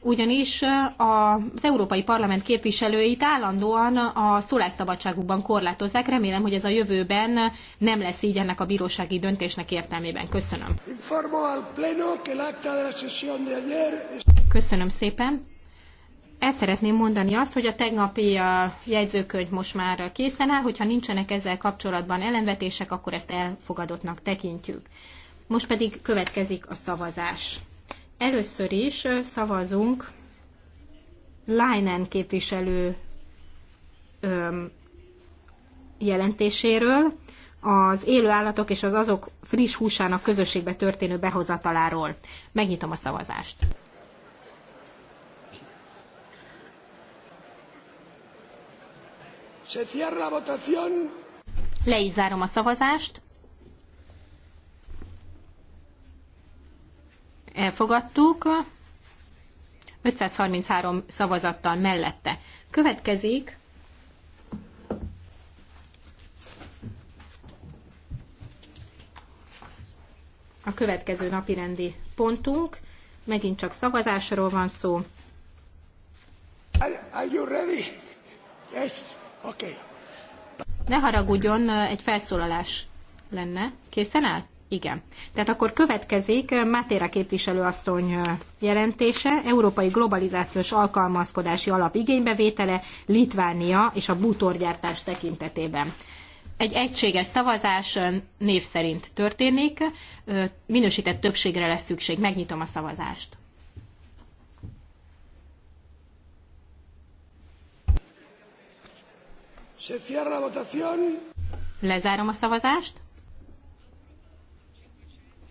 ugyanis az Európai Parlament képviselőit állandóan a szólásszabadságukban korlátozzák. Remélem, hogy ez a jövőben nem lesz így ennek a bírósági döntésnek értelmében. Köszönöm. Köszönöm szépen. El szeretném mondani azt, hogy a tegnapi jegyzőkönyv most már készen áll, hogyha nincsenek ezzel kapcsolatban ellenvetések, akkor ezt elfogadottnak tekintjük. Most pedig következik a szavazás. Először is szavazunk Leinen képviselő jelentéséről, az élő állatok és az azok friss húsának közösségbe történő behozataláról. Megnyitom a szavazást. Se cierra votación. Le is zárom a szavazást. elfogadtuk, 533 szavazattal mellette. Következik a következő napirendi pontunk. Megint csak szavazásról van szó. Are, are you ready? Yes? Okay. Ne haragudjon, egy felszólalás lenne. Készen áll? Igen. Tehát akkor következik eh, Mátéra képviselőasszony eh, jelentése, Európai Globalizációs Alkalmazkodási Alap igénybevétele Litvánia és a bútorgyártás tekintetében. Egy egységes szavazás eh, név szerint történik, minősített többségre lesz szükség. Megnyitom a szavazást. Se cierra votación. Lezárom a szavazást.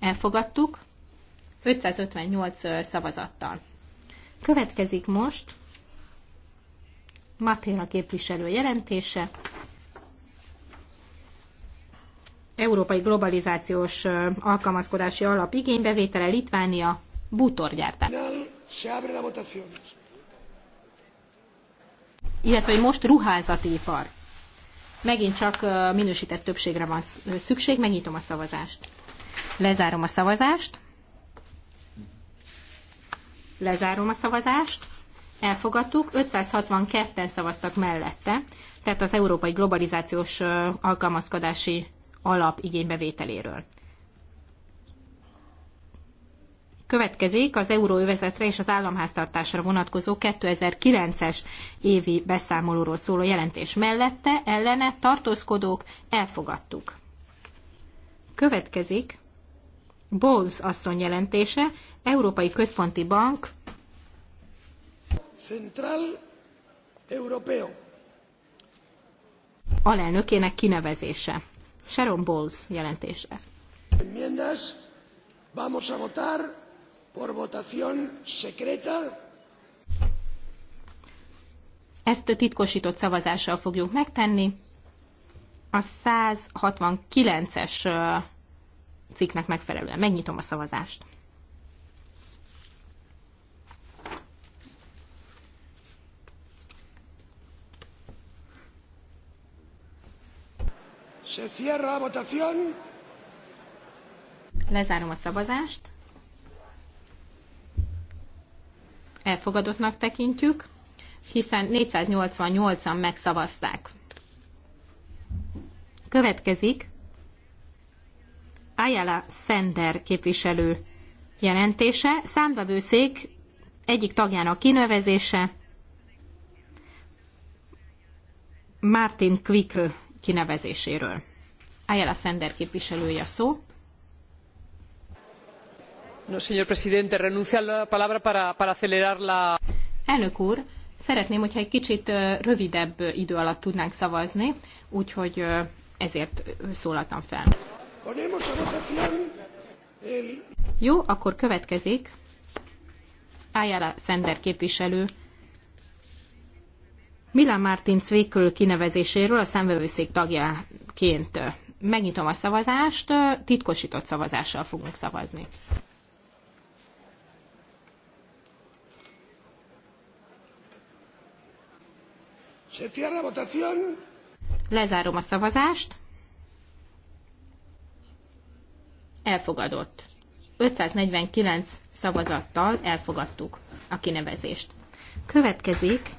Elfogadtuk. 558 szavazattal. Következik most Matéla képviselő jelentése. Európai Globalizációs Alkalmazkodási Alap igénybevétele Litvánia bútorgyártás. Illetve, hogy most ruházati ipar. Megint csak minősített többségre van szükség, megnyitom a szavazást. Lezárom a szavazást. Lezárom a szavazást. Elfogadtuk. 562-en szavaztak mellette, tehát az Európai Globalizációs Alkalmazkodási Alap igénybevételéről. Következik az euróövezetre és az államháztartásra vonatkozó 2009-es évi beszámolóról szóló jelentés mellette ellene tartózkodók elfogadtuk. Következik Bowles asszony jelentése, Európai Központi Bank Central Europeo alelnökének kinevezése. Sharon Bowles jelentése. Enmiendas. Vamos a votar por votación secreta. Ezt a titkosított szavazással fogjuk megtenni. A 169-es cikknek megfelelően. Megnyitom a szavazást. Se cierra a votación. Lezárom a szavazást. Elfogadottnak tekintjük, hiszen 488-an megszavazták. Következik Ayala Sender képviselő jelentése, számbevőszék egyik tagjának kinevezése, Martin Quick kinevezéséről. Ayala Sender képviselője szó. No, señor presidente, renuncia la palabra para, para acelerar la... Elnök úr, szeretném, hogyha egy kicsit rövidebb idő alatt tudnánk szavazni, úgyhogy ezért szólaltam fel. Jó, akkor következik Ájára Sender képviselő Milán Martin Cvékül kinevezéséről a szemvevőszék tagjaként. Megnyitom a szavazást, titkosított szavazással fogunk szavazni. Se cierra votación. Lezárom a szavazást. elfogadott. 549 szavazattal elfogadtuk a kinevezést. Következik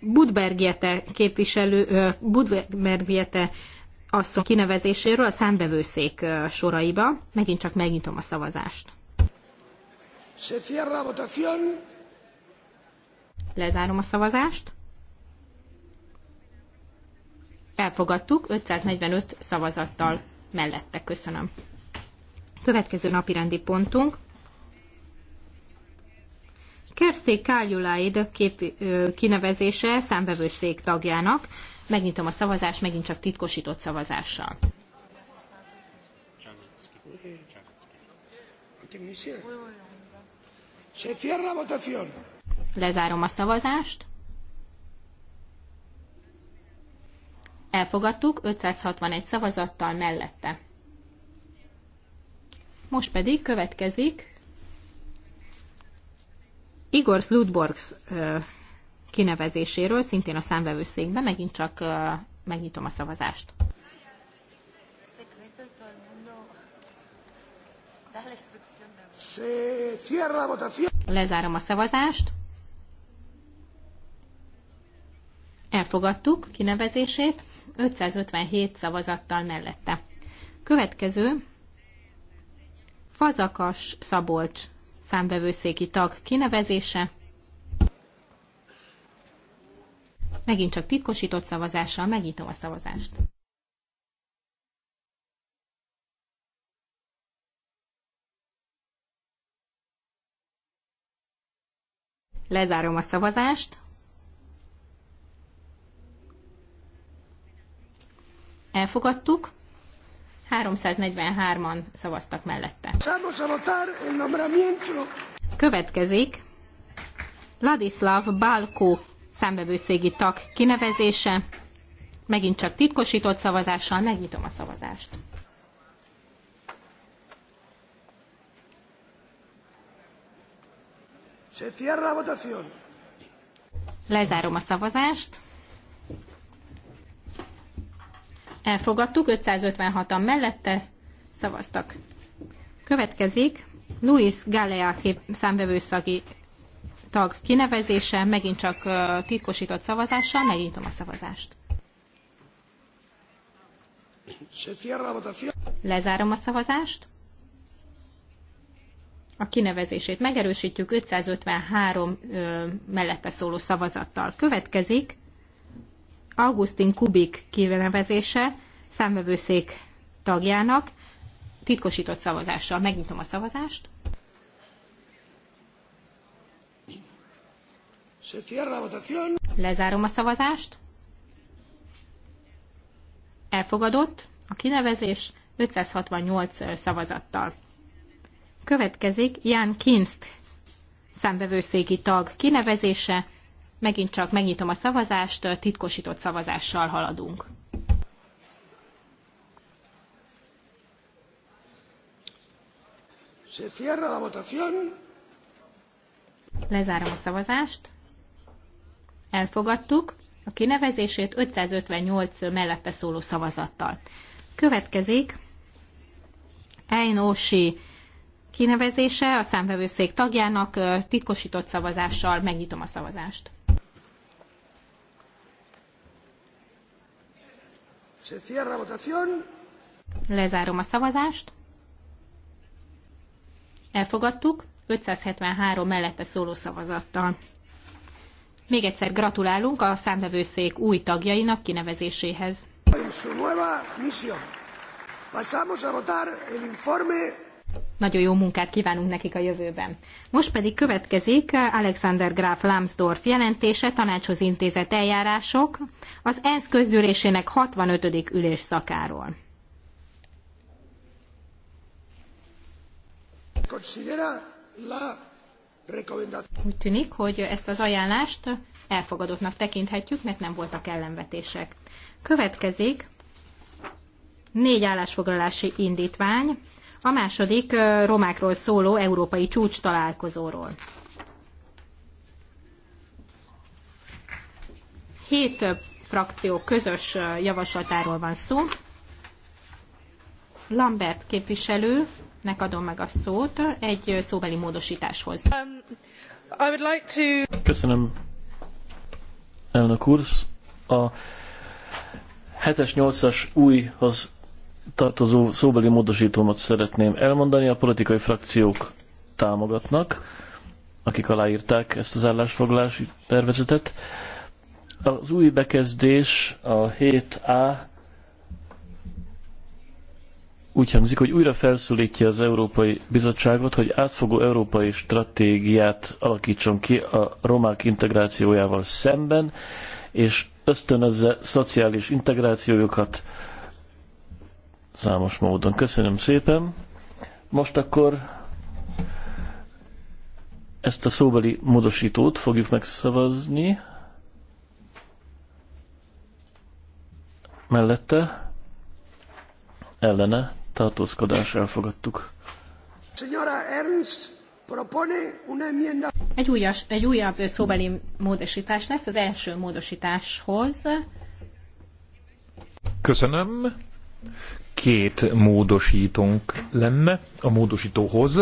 Budbergiete képviselő, Budbergiete asszony kinevezéséről a számbevőszék soraiba. Megint csak megnyitom a szavazást. Se cierra a votación. Lezárom a szavazást. Elfogadtuk 545 szavazattal mellette. Köszönöm. Következő napirendi pontunk. Kersté Kályuláid kép, kinevezése számvevőszék tagjának. Megnyitom a szavazást, megint csak titkosított szavazással. Lezárom a szavazást. Elfogadtuk 561 szavazattal mellette. Most pedig következik Igor Sludborgs kinevezéséről, szintén a számvevőszékben, megint csak megnyitom a szavazást. Lezárom a szavazást. Elfogadtuk kinevezését 557 szavazattal mellette. Következő Fazakas Szabolcs számbevőszéki tag kinevezése. Megint csak titkosított szavazással megnyitom a szavazást. Lezárom a szavazást. Elfogadtuk. 343-an szavaztak mellette. Következik Ladislav Balko számbevőszégi tag kinevezése. Megint csak titkosított szavazással megnyitom a szavazást. Se cierra Lezárom a szavazást. Elfogadtuk, 556-an mellette szavaztak. Következik Luis Galea számvevőszagi tag kinevezése, megint csak titkosított szavazással, megnyitom a szavazást. Lezárom a szavazást. A kinevezését megerősítjük 553 ö, mellette szóló szavazattal. Következik Augustin Kubik kinevezése számvevőszék tagjának titkosított szavazással. Megnyitom a szavazást. Lezárom a szavazást. Elfogadott a kinevezés 568 szavazattal. Következik Jan Kinst számbevőszéki tag kinevezése Megint csak megnyitom a szavazást, titkosított szavazással haladunk. Se cierra la votación. Lezárom a szavazást. Elfogadtuk a kinevezését 558 mellette szóló szavazattal. Következik Einósi kinevezése a számvevőszék tagjának titkosított szavazással megnyitom a szavazást. Lezárom a szavazást. Elfogadtuk 573 mellette szóló szavazattal. Még egyszer gratulálunk a számvevőszék új tagjainak kinevezéséhez. Pasamos a votar el informe nagyon jó munkát kívánunk nekik a jövőben. Most pedig következik Alexander Graf Lambsdorff jelentése, tanácshoz intézett eljárások, az ENSZ közgyűlésének 65. ülés szakáról. Úgy tűnik, hogy ezt az ajánlást elfogadottnak tekinthetjük, mert nem voltak ellenvetések. Következik négy állásfoglalási indítvány a második romákról szóló európai csúcs találkozóról. Hét frakció közös javaslatáról van szó. Lambert képviselőnek adom meg a szót egy szóbeli módosításhoz. Um, like to... Köszönöm, elnök úr. A 7-es, 8-as újhoz tartozó szóbeli módosítómat szeretném elmondani. A politikai frakciók támogatnak, akik aláírták ezt az állásfoglalási tervezetet. Az új bekezdés a 7A úgy hangzik, hogy újra felszólítja az Európai Bizottságot, hogy átfogó európai stratégiát alakítson ki a romák integrációjával szemben, és ösztönözze szociális integrációjukat, számos módon. Köszönöm szépen. Most akkor ezt a szóbeli módosítót fogjuk megszavazni. Mellette ellene tartózkodás elfogadtuk. Egy, újas, egy újabb szóbeli módosítás lesz az első módosításhoz. Köszönöm két módosítónk lenne a módosítóhoz,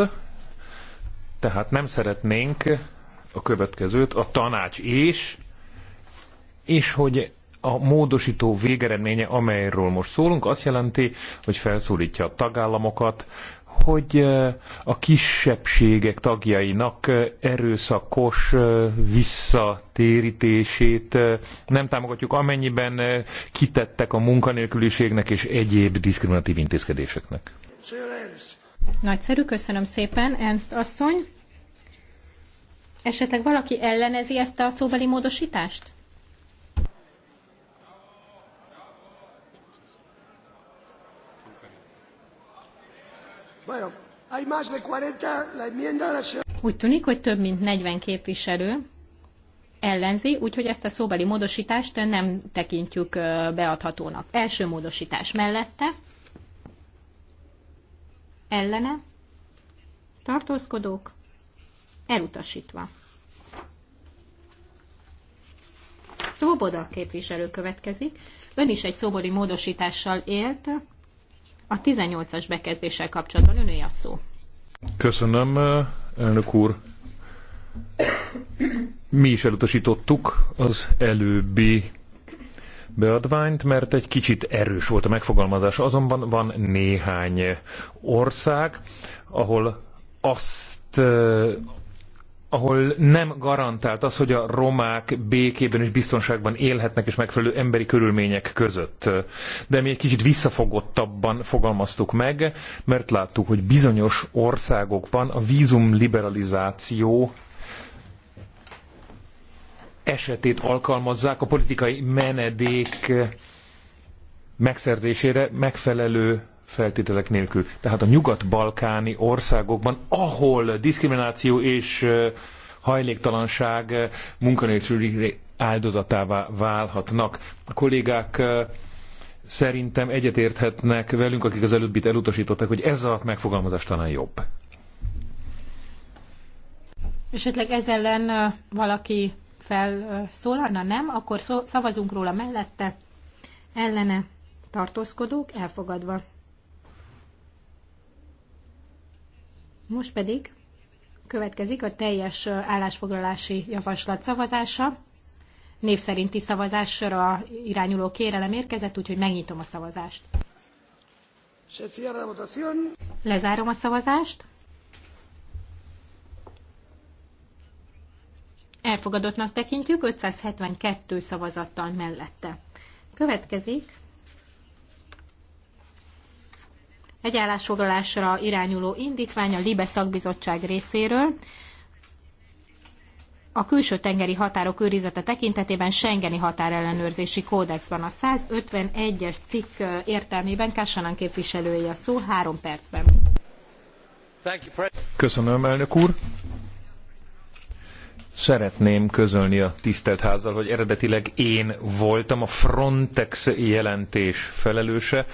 tehát nem szeretnénk a következőt, a tanács és, és hogy a módosító végeredménye, amelyről most szólunk, azt jelenti, hogy felszólítja a tagállamokat, hogy a kisebbségek tagjainak erőszakos visszatérítését nem támogatjuk, amennyiben kitettek a munkanélküliségnek és egyéb diszkriminatív intézkedéseknek. Nagyszerű, köszönöm szépen, Ernst asszony. Esetleg valaki ellenezi ezt a szóbeli módosítást? Úgy tűnik, hogy több mint 40 képviselő ellenzi, úgyhogy ezt a szóbeli módosítást nem tekintjük beadhatónak. Első módosítás mellette, ellene, tartózkodók, elutasítva. Szóboda képviselő következik. Ön is egy szóbori módosítással élt, a 18-as bekezdéssel kapcsolatban öné a szó. Köszönöm, elnök úr. Mi is elutasítottuk az előbbi beadványt, mert egy kicsit erős volt a megfogalmazás. Azonban van néhány ország, ahol azt ahol nem garantált az, hogy a romák békében és biztonságban élhetnek és megfelelő emberi körülmények között. De mi egy kicsit visszafogottabban fogalmaztuk meg, mert láttuk, hogy bizonyos országokban a vízum liberalizáció esetét alkalmazzák a politikai menedék megszerzésére megfelelő feltételek nélkül. Tehát a nyugat-balkáni országokban, ahol diszkrimináció és hajléktalanság munkanélküli áldozatává válhatnak. A kollégák szerintem egyetérthetnek velünk, akik az előbbit elutasították, hogy ez a megfogalmazás talán jobb. Esetleg ez ellen valaki felszólalna, nem? Akkor szavazunk róla mellette. Ellene tartózkodók elfogadva. Most pedig következik a teljes állásfoglalási javaslat szavazása. Név szerinti szavazásra irányuló kérelem érkezett, úgyhogy megnyitom a szavazást. Lezárom a szavazást. Elfogadottnak tekintjük 572 szavazattal mellette. Következik egy állásfoglalásra irányuló indítvány a Libe szakbizottság részéről a külső tengeri határok őrizete tekintetében Schengeni határellenőrzési kódexban a 151-es cikk értelmében Kassanan képviselője a szó három percben. Köszönöm, elnök úr. Szeretném közölni a tisztelt házzal, hogy eredetileg én voltam a Frontex jelentés felelőse,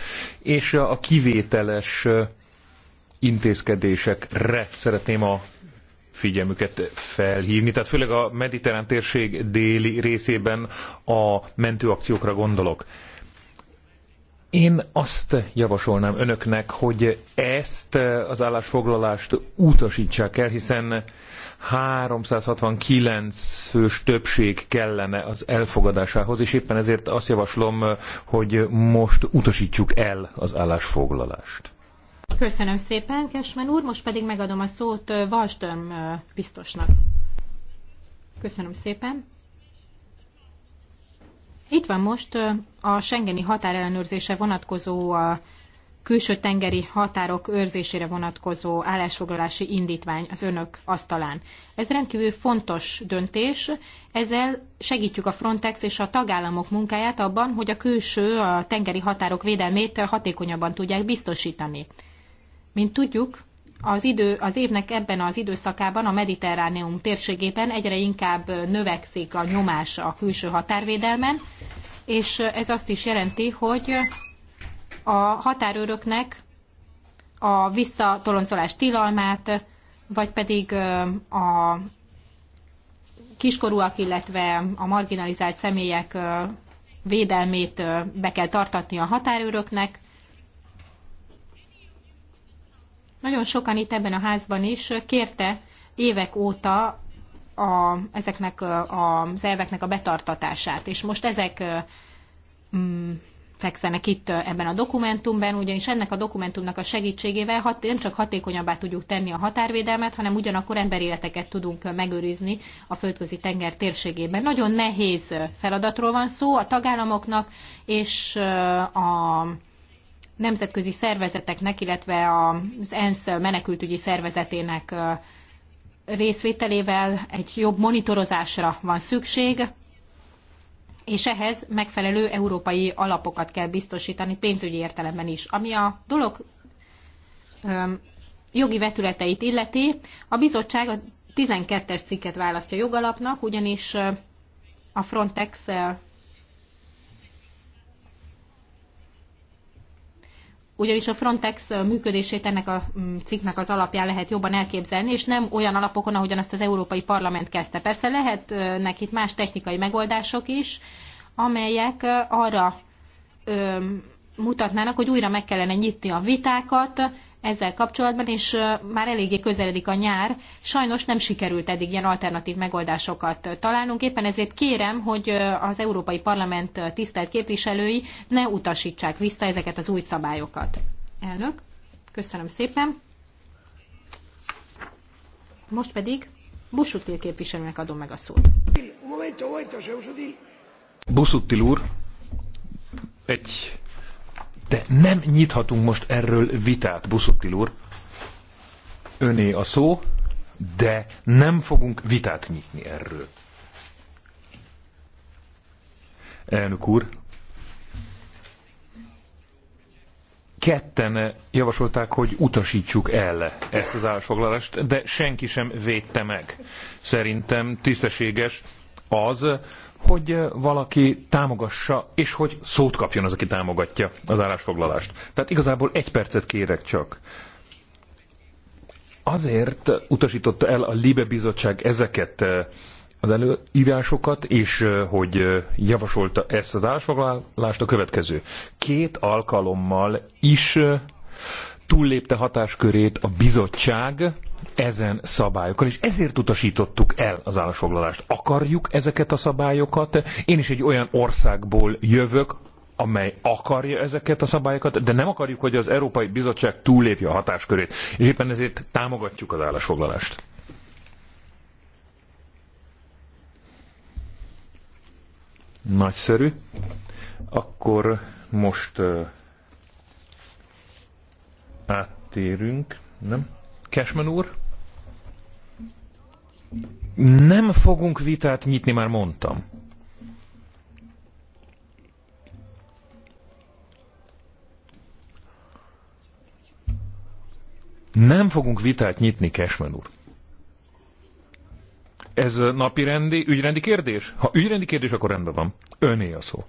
és a kivételes intézkedésekre szeretném a figyelmüket felhívni. Tehát főleg a mediterrán térség déli részében a mentőakciókra gondolok. Én azt javasolnám önöknek, hogy ezt eh, az állásfoglalást utasítsák el, hiszen 369 fős többség kellene az elfogadásához, és éppen ezért azt javaslom, eh, hogy most utasítsuk el az állásfoglalást. Köszönöm szépen, Kesmen úr, most pedig megadom a szót Valstörm eh, biztosnak. Köszönöm szépen. Itt van most a Schengeni határellenőrzése vonatkozó a külső tengeri határok őrzésére vonatkozó állásfoglalási indítvány az önök asztalán. Ez rendkívül fontos döntés, ezzel segítjük a Frontex és a tagállamok munkáját abban, hogy a külső a tengeri határok védelmét hatékonyabban tudják biztosítani. Mint tudjuk, az, idő, az évnek ebben az időszakában a Mediterráneum térségében egyre inkább növekszik a nyomás a külső határvédelmen, és ez azt is jelenti, hogy a határőröknek a visszatoloncolás tilalmát, vagy pedig a kiskorúak, illetve a marginalizált személyek védelmét be kell tartatni a határőröknek, Nagyon sokan itt ebben a házban is kérte évek óta a, ezeknek a, az elveknek a betartatását, és most ezek mm, fekszenek itt ebben a dokumentumban, ugyanis ennek a dokumentumnak a segítségével hat, nem csak hatékonyabbá tudjuk tenni a határvédelmet, hanem ugyanakkor emberéleteket tudunk megőrizni a földközi tenger térségében. Nagyon nehéz feladatról van szó a tagállamoknak és a nemzetközi szervezeteknek, illetve az ENSZ menekültügyi szervezetének részvételével egy jobb monitorozásra van szükség, és ehhez megfelelő európai alapokat kell biztosítani pénzügyi értelemben is. Ami a dolog jogi vetületeit illeti, a bizottság a 12-es cikket választja jogalapnak, ugyanis a Frontex ugyanis a Frontex működését ennek a mm, cikknek az alapján lehet jobban elképzelni, és nem olyan alapokon, ahogyan azt az Európai Parlament kezdte. Persze lehetnek itt más technikai megoldások is, amelyek arra mutatnának, hogy újra meg kellene nyitni a vitákat, ezzel kapcsolatban, és már eléggé közeledik a nyár. Sajnos nem sikerült eddig ilyen alternatív megoldásokat találnunk, éppen ezért kérem, hogy az Európai Parlament tisztelt képviselői ne utasítsák vissza ezeket az új szabályokat. Elnök, köszönöm szépen. Most pedig Busuttil képviselőnek adom meg a szót. Busuttil úr, egy de nem nyithatunk most erről vitát, Buszottil úr. Öné a szó, de nem fogunk vitát nyitni erről. Elnök úr, ketten javasolták, hogy utasítsuk el ezt az állásfoglalást, de senki sem védte meg. Szerintem tisztességes az, hogy valaki támogassa, és hogy szót kapjon az, aki támogatja az állásfoglalást. Tehát igazából egy percet kérek csak. Azért utasította el a Libe Bizottság ezeket az előírásokat, és hogy javasolta ezt az állásfoglalást a következő. Két alkalommal is túllépte hatáskörét a bizottság ezen szabályokkal, és ezért utasítottuk el az állásfoglalást. Akarjuk ezeket a szabályokat, én is egy olyan országból jövök, amely akarja ezeket a szabályokat, de nem akarjuk, hogy az Európai Bizottság túllépje a hatáskörét, és éppen ezért támogatjuk az állásfoglalást. Nagyszerű. Akkor most áttérünk, nem? Cashman úr? Nem fogunk vitát nyitni, már mondtam. Nem fogunk vitát nyitni, Cashman úr. Ez napi rendi, ügyrendi kérdés? Ha ügyrendi kérdés, akkor rendben van. Öné a szó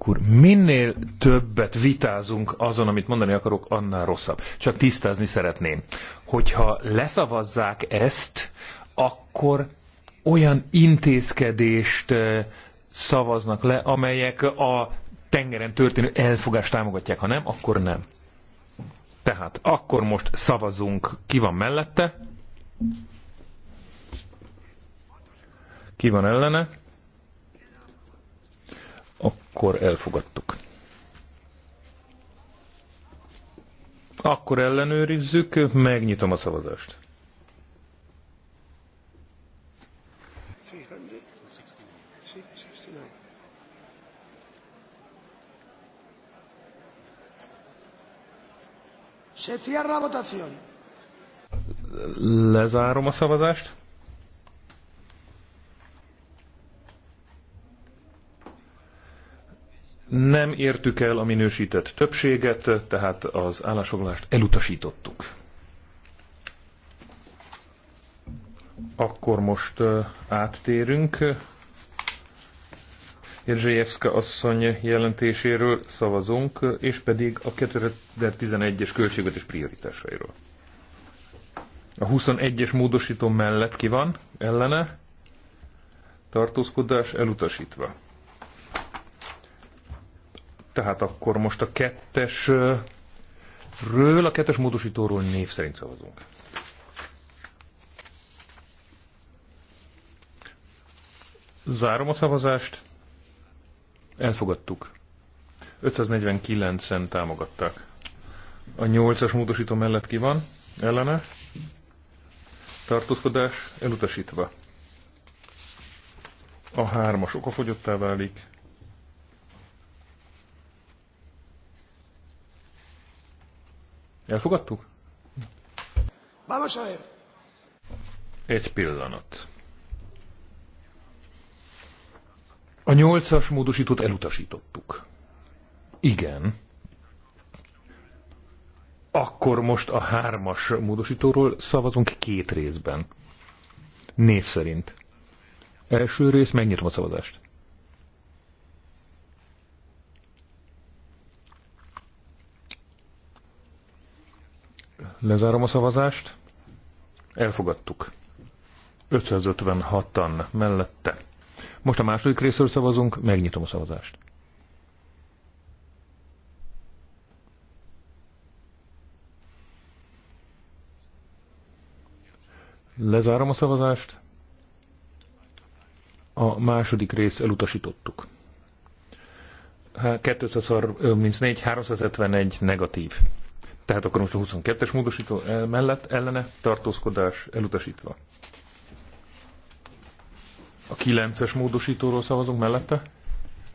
elnök úr, minél többet vitázunk azon, amit mondani akarok, annál rosszabb. Csak tisztázni szeretném, hogyha leszavazzák ezt, akkor olyan intézkedést eh, szavaznak le, amelyek a tengeren történő elfogást támogatják, ha nem, akkor nem. Tehát akkor most szavazunk, ki van mellette, ki van ellene, akkor elfogadtuk. Akkor ellenőrizzük, megnyitom a szavazást. Se cierra votación. Lezárom a szavazást. nem értük el a minősített többséget, tehát az állásfoglalást elutasítottuk. Akkor most áttérünk Jerzsejewska asszony jelentéséről szavazunk, és pedig a 2011-es költségvetés prioritásairól. A 21-es módosító mellett ki van, ellene, tartózkodás elutasítva. Tehát akkor most a kettesről, a kettes módosítóról név szerint szavazunk. Zárom a szavazást. Elfogadtuk. 549-en támogatták. A 8-as módosító mellett ki van? Ellene? Tartózkodás elutasítva. A 3-as okafogyottá válik. Elfogadtuk? Vamos a ver. Egy pillanat. A nyolcas módosítót elutasítottuk. Igen. Akkor most a hármas módosítóról szavazunk két részben. Név szerint. Első rész, megnyitom a szavazást. Lezárom a szavazást. Elfogadtuk. 556-an mellette. Most a második részről szavazunk, megnyitom a szavazást. Lezárom a szavazást. A második részt elutasítottuk. 234, 371 negatív. Tehát akkor most a 22-es módosító mellett ellene tartózkodás elutasítva. A 9-es módosítóról szavazunk mellette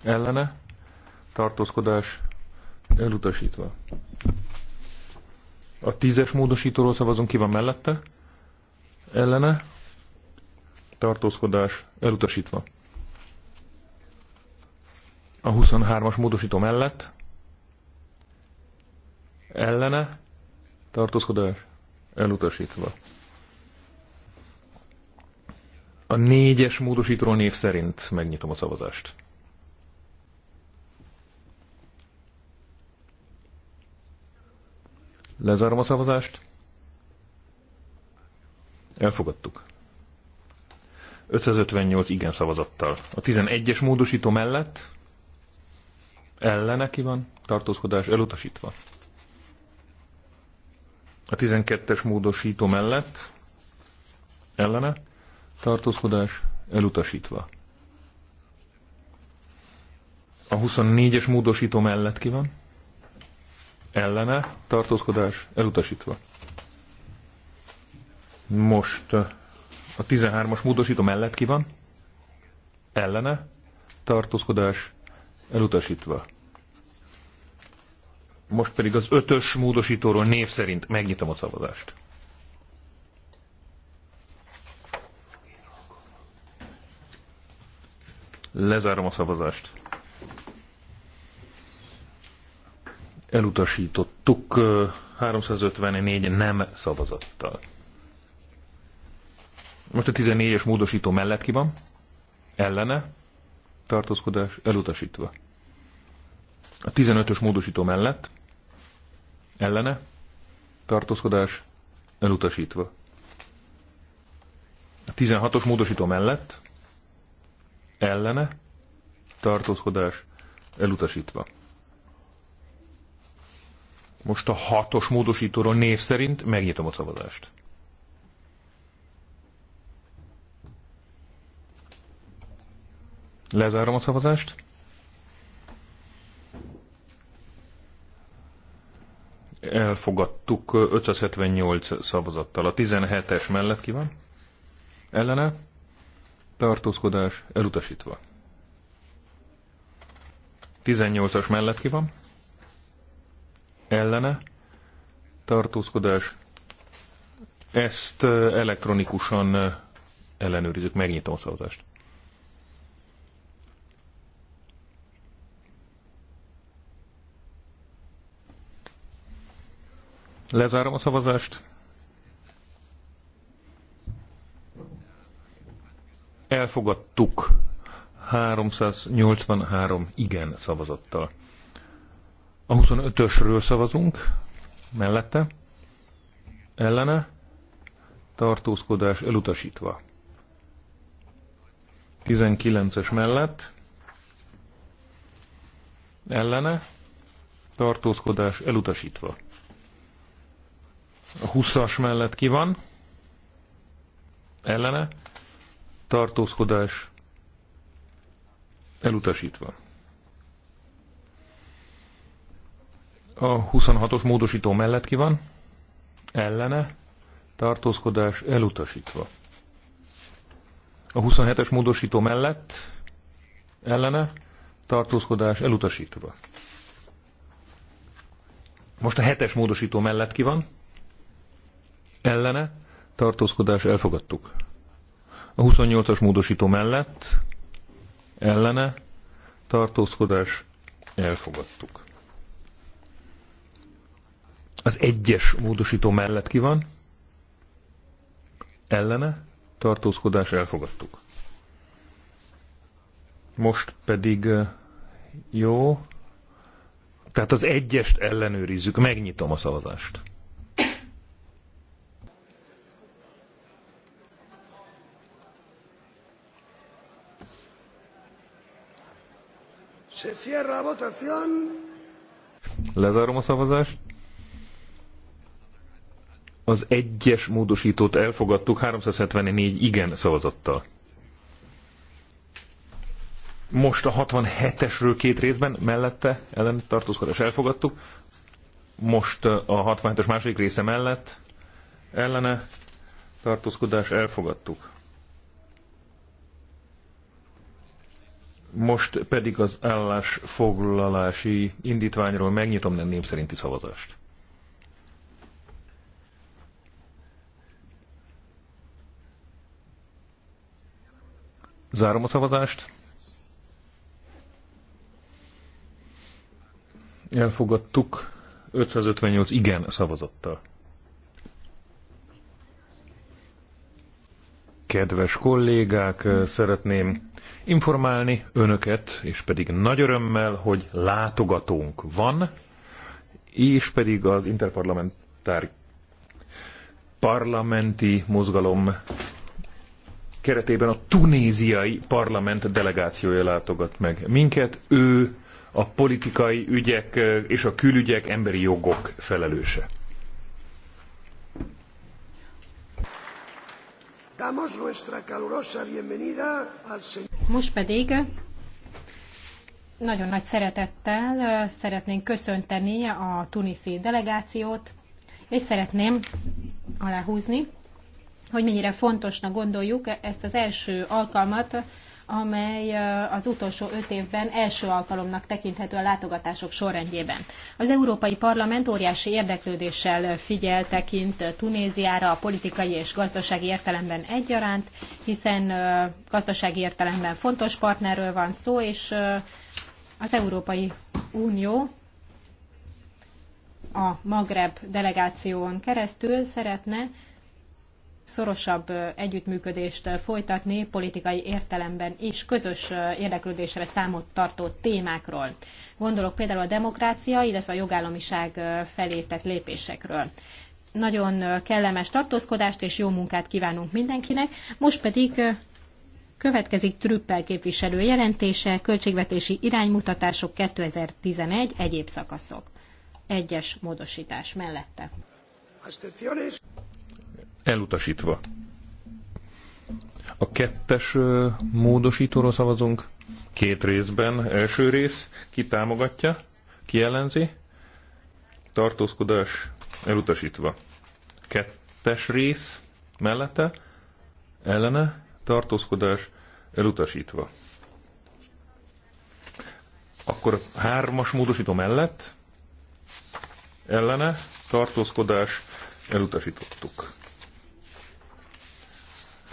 ellene tartózkodás elutasítva. A 10-es módosítóról szavazunk ki van mellette ellene tartózkodás elutasítva. A 23-as módosító mellett ellene tartózkodás elutasítva. A négyes módosító név szerint megnyitom a szavazást. Lezárom a szavazást. Elfogadtuk. 558 igen szavazattal. A 11-es módosító mellett ellene ki van tartózkodás elutasítva a 12-es módosító mellett ellene tartózkodás elutasítva. A 24-es módosító mellett ki van? Ellene tartózkodás elutasítva. Most a 13-as módosító mellett ki van? Ellene tartózkodás elutasítva. Most pedig az ötös módosítóról név szerint megnyitom a szavazást. Lezárom a szavazást. Elutasítottuk 354 nem szavazattal. Most a 14-es módosító mellett ki van? Ellene? Tartózkodás elutasítva. A 15-ös módosító mellett Ellene? Tartózkodás elutasítva. A 16-os módosító mellett? Ellene? Tartózkodás elutasítva. Most a hatos módosítóról név szerint megnyitom a szavazást. Lezárom a szavazást. elfogadtuk 578 szavazattal. A 17-es mellett ki van? Ellene? Tartózkodás elutasítva. 18-as mellett ki van? Ellene? Tartózkodás. Ezt elektronikusan ellenőrizzük. Megnyitom a szavazást. Lezárom a szavazást. Elfogadtuk 383 igen szavazattal. A 25-ösről szavazunk, mellette, ellene, tartózkodás elutasítva. 19-es mellett, ellene, tartózkodás elutasítva. A 20-as mellett ki van? Ellene? Tartózkodás elutasítva. A 26-os módosító mellett ki van? Ellene? Tartózkodás elutasítva. A 27-es módosító mellett? Ellene? Tartózkodás elutasítva. Most a hetes módosító mellett ki van? ellene tartózkodás elfogadtuk. A 28-as módosító mellett ellene tartózkodás elfogadtuk. Az egyes módosító mellett ki van? Ellene tartózkodás elfogadtuk. Most pedig jó. Tehát az egyest ellenőrizzük. Megnyitom a szavazást. Se cierra a votación. Lezárom a szavazást. Az egyes módosítót elfogadtuk 374 igen szavazattal. Most a 67-esről két részben, mellette ellen tartózkodás elfogadtuk. Most a 67-es második része mellett ellene tartózkodás elfogadtuk. Most pedig az állásfoglalási indítványról megnyitom a népszerinti szavazást. Zárom a szavazást. Elfogadtuk 558 igen szavazattal. Kedves kollégák, szeretném informálni önöket, és pedig nagy örömmel, hogy látogatónk van, és pedig az interparlamentár parlamenti mozgalom keretében a tunéziai parlament delegációja látogat meg minket. Ő a politikai ügyek és a külügyek emberi jogok felelőse. Most pedig nagyon nagy szeretettel szeretnénk köszönteni a tuniszi delegációt, és szeretném aláhúzni, hogy mennyire fontosnak gondoljuk ezt az első alkalmat, amely az utolsó öt évben első alkalomnak tekinthető a látogatások sorrendjében. Az Európai Parlament óriási érdeklődéssel figyel tekint Tunéziára a politikai és gazdasági értelemben egyaránt, hiszen gazdasági értelemben fontos partnerről van szó, és az Európai Unió a Magreb delegáción keresztül szeretne szorosabb együttműködést folytatni politikai értelemben és közös érdeklődésre számot tartó témákról. Gondolok például a demokrácia, illetve a jogállamiság felé tett lépésekről. Nagyon kellemes tartózkodást és jó munkát kívánunk mindenkinek. Most pedig következik Trüppel képviselő jelentése, költségvetési iránymutatások 2011 egyéb szakaszok. Egyes módosítás mellette. Elutasítva. A kettes módosítóról szavazunk. Két részben. Első rész, ki támogatja, ki ellenzi. Tartózkodás elutasítva. Kettes rész mellette, ellene, tartózkodás elutasítva. Akkor a hármas módosító mellett, ellene, tartózkodás elutasítottuk.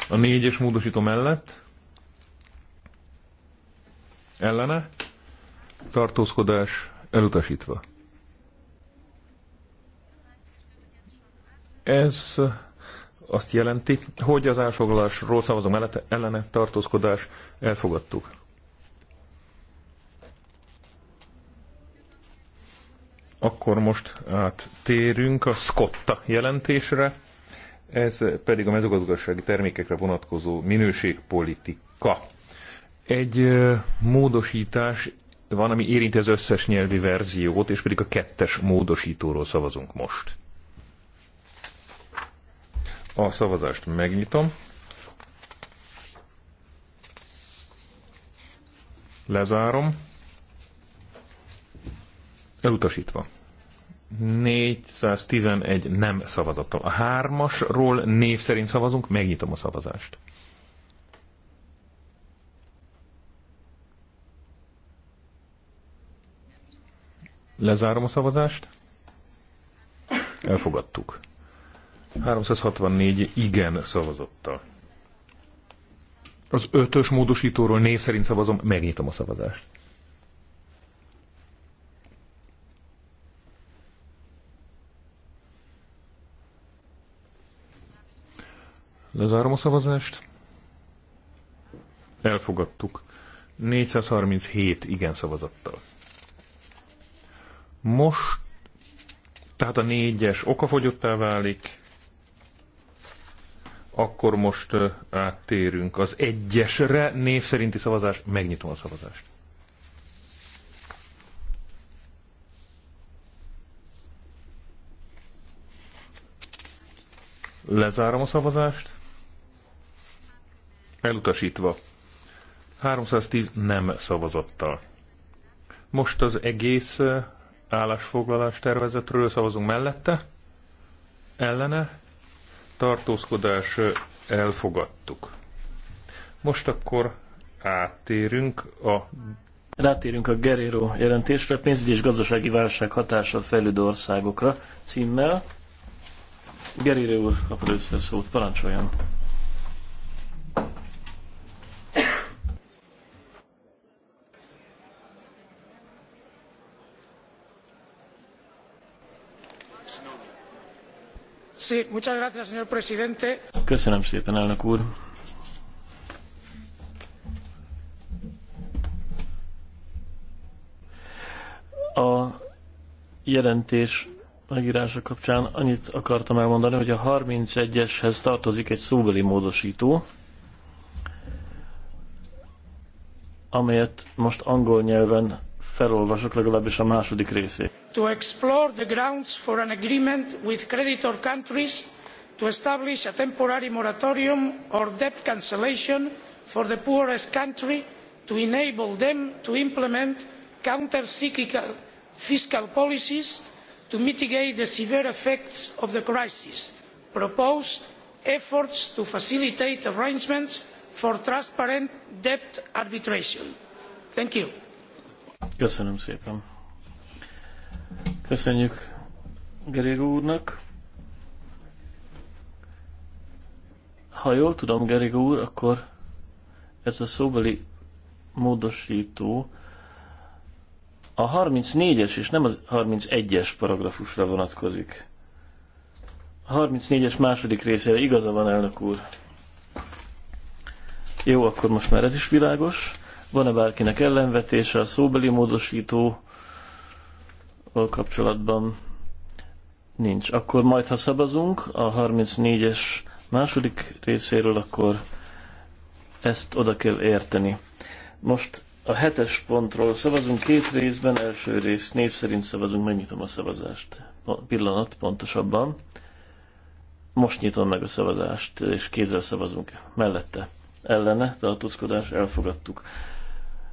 A négyes módosító mellett ellene tartózkodás elutasítva. Ez azt jelenti, hogy az elfoglalásról szavazó mellett ellene tartózkodás elfogadtuk. Akkor most áttérünk a Scotta jelentésre. Ez pedig a mezőgazdasági termékekre vonatkozó minőségpolitika. Egy módosítás van, ami érinti az összes nyelvi verziót, és pedig a kettes módosítóról szavazunk most. A szavazást megnyitom. Lezárom. Elutasítva. 411 nem szavazattal. A hármasról név szerint szavazunk, megnyitom a szavazást. Lezárom a szavazást. Elfogadtuk. 364 igen szavazattal. Az ötös módosítóról név szerint szavazom, megnyitom a szavazást. Lezárom a szavazást. Elfogadtuk. 437 igen szavazattal. Most, tehát a négyes okafogyottá válik, akkor most áttérünk az egyesre, név szerinti szavazás, megnyitom a szavazást. Lezárom a szavazást. Elutasítva. 310 nem szavazattal. Most az egész állásfoglalás tervezetről szavazunk mellette. Ellene. Tartózkodás elfogadtuk. Most akkor áttérünk a... Rátérünk a Guerrero jelentésre, pénzügyi és gazdasági válság hatása a fejlődő országokra címmel. Guerrero úr kapod össze szót, parancsoljon. Köszönöm szépen, elnök úr. A jelentés megírása kapcsán annyit akartam elmondani, hogy a 31-eshez tartozik egy szóbeli módosító, amelyet most angol nyelven felolvasok legalábbis a második részét to explore the grounds for an agreement with creditor countries to establish a temporary moratorium or debt cancellation for the poorest country to enable them to implement counter cyclical fiscal policies to mitigate the severe effects of the crisis propose efforts to facilitate arrangements for transparent debt arbitration. Thank you. Köszönöm szépen. Köszönjük Gerégó úrnak. Ha jól tudom, Gerégó úr, akkor ez a szóbeli módosító a 34-es és nem a 31-es paragrafusra vonatkozik. A 34-es második részére igaza van, elnök úr. Jó, akkor most már ez is világos. Van-e bárkinek ellenvetése a szóbeli módosító kapcsolatban nincs. Akkor majd, ha szavazunk a 34-es második részéről, akkor ezt oda kell érteni. Most a hetes pontról szavazunk két részben, első rész név szerint szavazunk, megnyitom a szavazást. Pillanat pontosabban. Most nyitom meg a szavazást, és kézzel szavazunk mellette. Ellene, tartózkodás, elfogadtuk.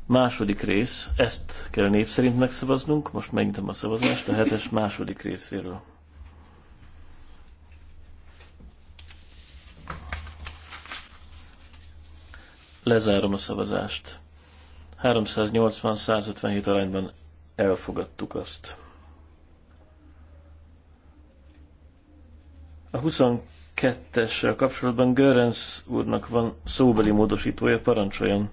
Második rész, ezt kell név szerint megszavaznunk, most megnyitom a szavazást a hetes második részéről. Lezárom a szavazást. 380-157 arányban elfogadtuk azt. A 22-essel kapcsolatban Görens úrnak van szóbeli módosítója, parancsoljon!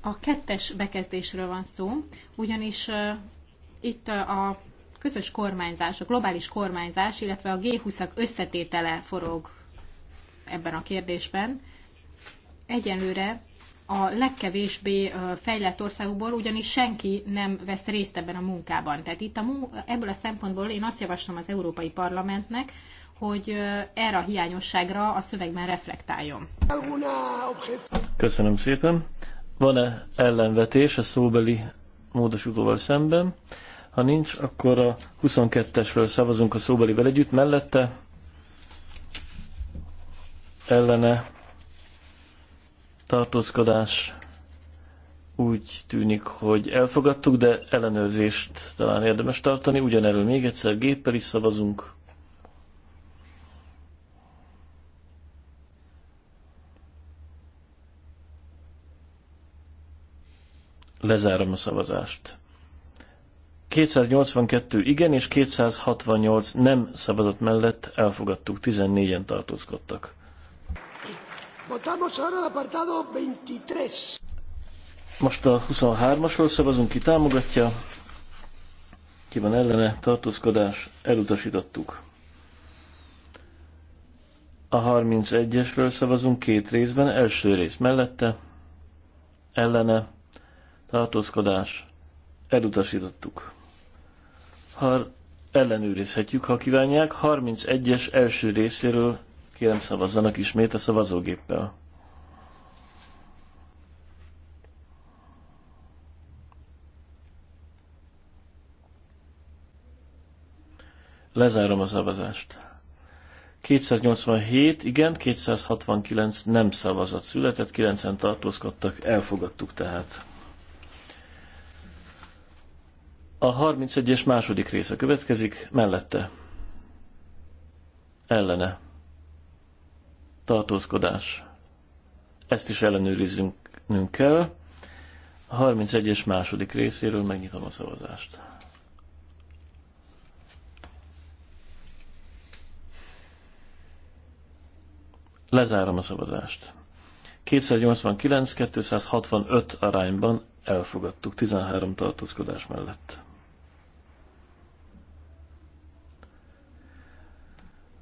A kettes bekezdésről van szó, ugyanis uh, itt a közös kormányzás, a globális kormányzás, illetve a G20-ak összetétele forog ebben a kérdésben. Egyelőre a legkevésbé fejlett országokból ugyanis senki nem vesz részt ebben a munkában. Tehát itt a, ebből a szempontból én azt javaslom az Európai Parlamentnek, hogy erre a hiányosságra a szövegben reflektáljon. Köszönöm szépen. Van-e ellenvetés a szóbeli módosítóval szemben? Ha nincs, akkor a 22-esről szavazunk a szóbelivel együtt. Mellette ellene tartózkodás úgy tűnik, hogy elfogadtuk, de ellenőrzést talán érdemes tartani. Ugyanerről még egyszer géppel is szavazunk. Lezárom a szavazást. 282 igen és 268 nem szavazat mellett elfogadtuk, 14-en tartózkodtak. 23. Most a 23-asról szavazunk, ki támogatja, ki van ellene, tartózkodás, elutasítottuk. A 31-esről szavazunk két részben, első rész mellette, ellene, tartózkodás, elutasítottuk. Har ellenőrizhetjük, ha kívánják. 31-es első részéről kérem szavazzanak ismét a szavazógéppel. Lezárom a szavazást. 287, igen, 269 nem szavazat született, 90 tartózkodtak, elfogadtuk tehát. A 31-es második része következik, mellette. Ellene. Tartózkodás. Ezt is ellenőrizzünk kell. A 31-es második részéről megnyitom a szavazást. Lezárom a szavazást. 289-265 arányban elfogadtuk 13 tartózkodás mellett.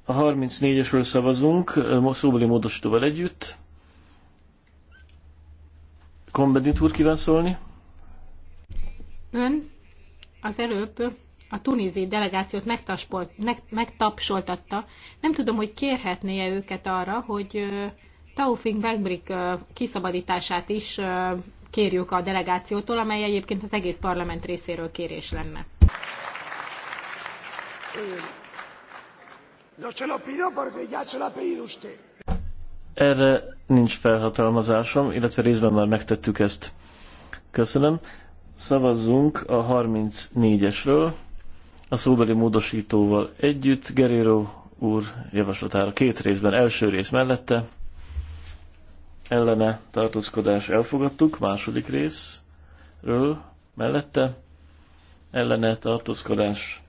A 34-esről szavazunk, szóbeli módosítóval együtt. Kombedit úr kíván szólni? Ön az előbb a tunézi delegációt megtapsoltatta. Nem tudom, hogy kérhetné-e őket arra, hogy Taufing Benbrik kiszabadítását is kérjük a delegációtól, amely egyébként az egész parlament részéről kérés lenne. Erre nincs felhatalmazásom, illetve részben már megtettük ezt. Köszönöm. Szavazzunk a 34-esről, a szóbeli módosítóval együtt, Geriro úr javaslatára két részben, első rész mellette, ellene tartózkodás elfogadtuk, második részről mellette, ellene tartózkodás,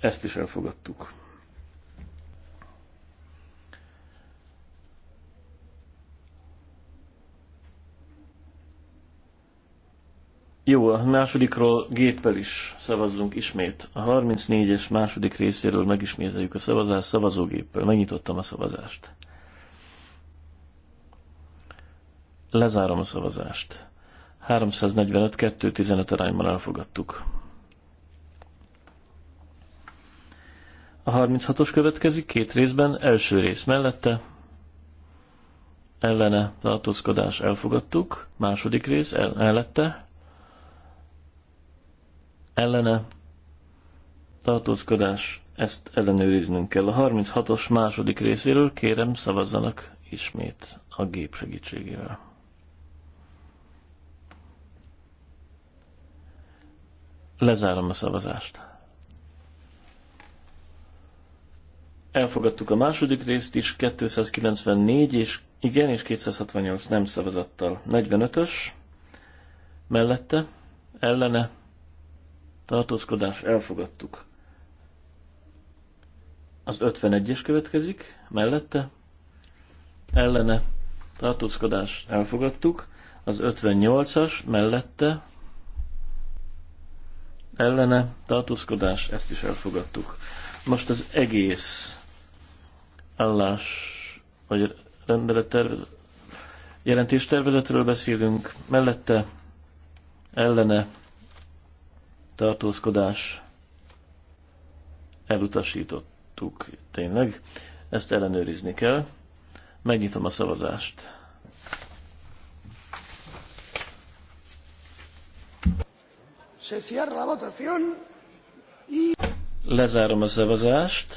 ezt is elfogadtuk. Jó, a másodikról géppel is szavazzunk ismét. A 34-es második részéről megismételjük a szavazást szavazógéppel. Megnyitottam a szavazást. Lezárom a szavazást. 345-215 arányban elfogadtuk. A 36-os következik két részben, első rész mellette, ellene tartózkodás elfogadtuk, második rész el, mellette, ellene tartózkodás, ezt ellenőriznünk kell. A 36-os második részéről kérem szavazzanak ismét a gép segítségével. Lezárom a szavazást. Elfogadtuk a második részt is, 294 és igen, és 268 nem szavazattal. 45-ös mellette, ellene tartózkodás elfogadtuk. Az 51-es következik, mellette, ellene, tartózkodás elfogadtuk. Az 58-as, mellette, ellene, tartózkodás, ezt is elfogadtuk. Most az egész állás, vagy rendelettervezet, jelentéstervezetről beszélünk, mellette, ellene, tartózkodás elutasítottuk tényleg. Ezt ellenőrizni kell. Megnyitom a szavazást. Se cierra y... Lezárom a szavazást.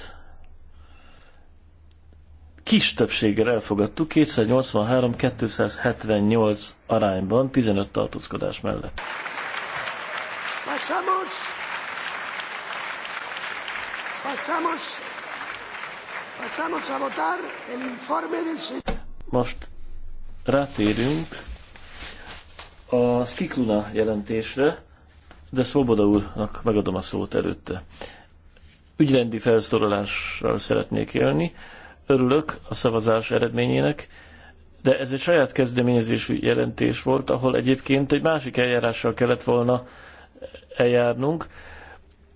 Kis többséggel elfogadtuk, 283-278 arányban, 15 tartózkodás mellett. Pasamos. Pasamos. Pasamos a votar el informe del Most rátérünk a Skikluna jelentésre, de Szoboda úrnak megadom a szót előtte. Ügyrendi felszorolással szeretnék élni. Örülök a szavazás eredményének, de ez egy saját kezdeményezésű jelentés volt, ahol egyébként egy másik eljárással kellett volna eljárnunk.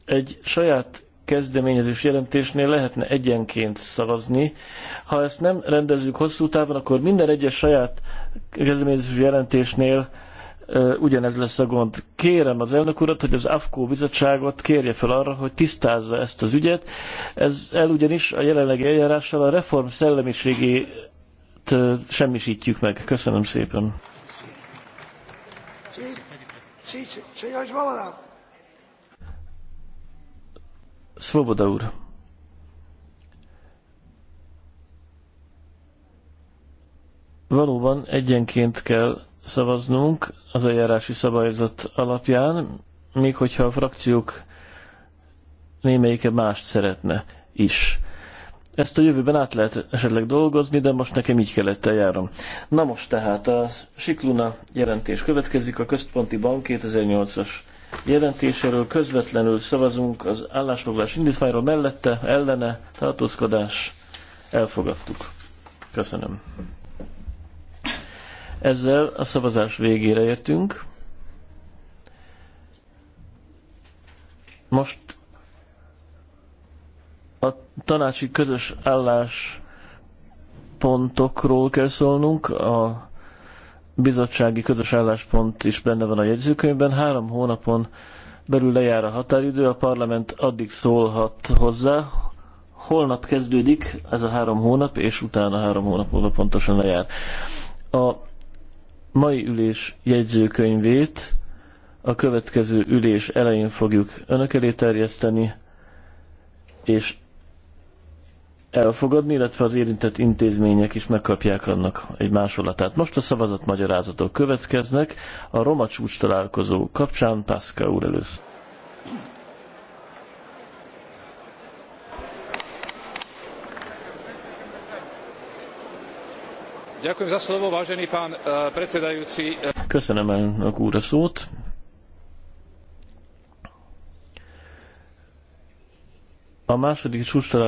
Egy saját kezdeményezés jelentésnél lehetne egyenként szavazni. Ha ezt nem rendezzük hosszú távon, akkor minden egyes saját kezdeményezés jelentésnél ugyanez lesz a gond. Kérem az elnök urat, hogy az AFKO bizottságot kérje fel arra, hogy tisztázza ezt az ügyet. Ez el ugyanis a jelenlegi eljárással a reform szellemiségét semmisítjük meg. Köszönöm szépen. Sí, señor Svoboda úr. Valóban egyenként kell szavaznunk az eljárási szabályzat alapján, még hogyha a frakciók némelyike mást szeretne is. Ezt a jövőben át lehet esetleg dolgozni, de most nekem így kellett eljárom. Na most tehát a Sikluna jelentés következik, a Központi Bank 2008-as jelentéséről közvetlenül szavazunk az állásfoglalás indítványról mellette, ellene, tartózkodás, elfogadtuk. Köszönöm. Ezzel a szavazás végére értünk. Most a tanácsi közös pontokról kell szólnunk, a bizottsági közös álláspont is benne van a jegyzőkönyvben. Három hónapon belül lejár a határidő, a parlament addig szólhat hozzá. Holnap kezdődik ez a három hónap, és utána három hónap múlva pontosan lejár. A mai ülés jegyzőkönyvét a következő ülés elején fogjuk önök elé terjeszteni, és elfogadni, illetve az érintett intézmények is megkapják annak egy másolatát. Most a szavazat magyarázatok következnek. A roma csúcs találkozó kapcsán Pászka úr először. Eh, Köszönöm elnök úr a szót. A második csúcs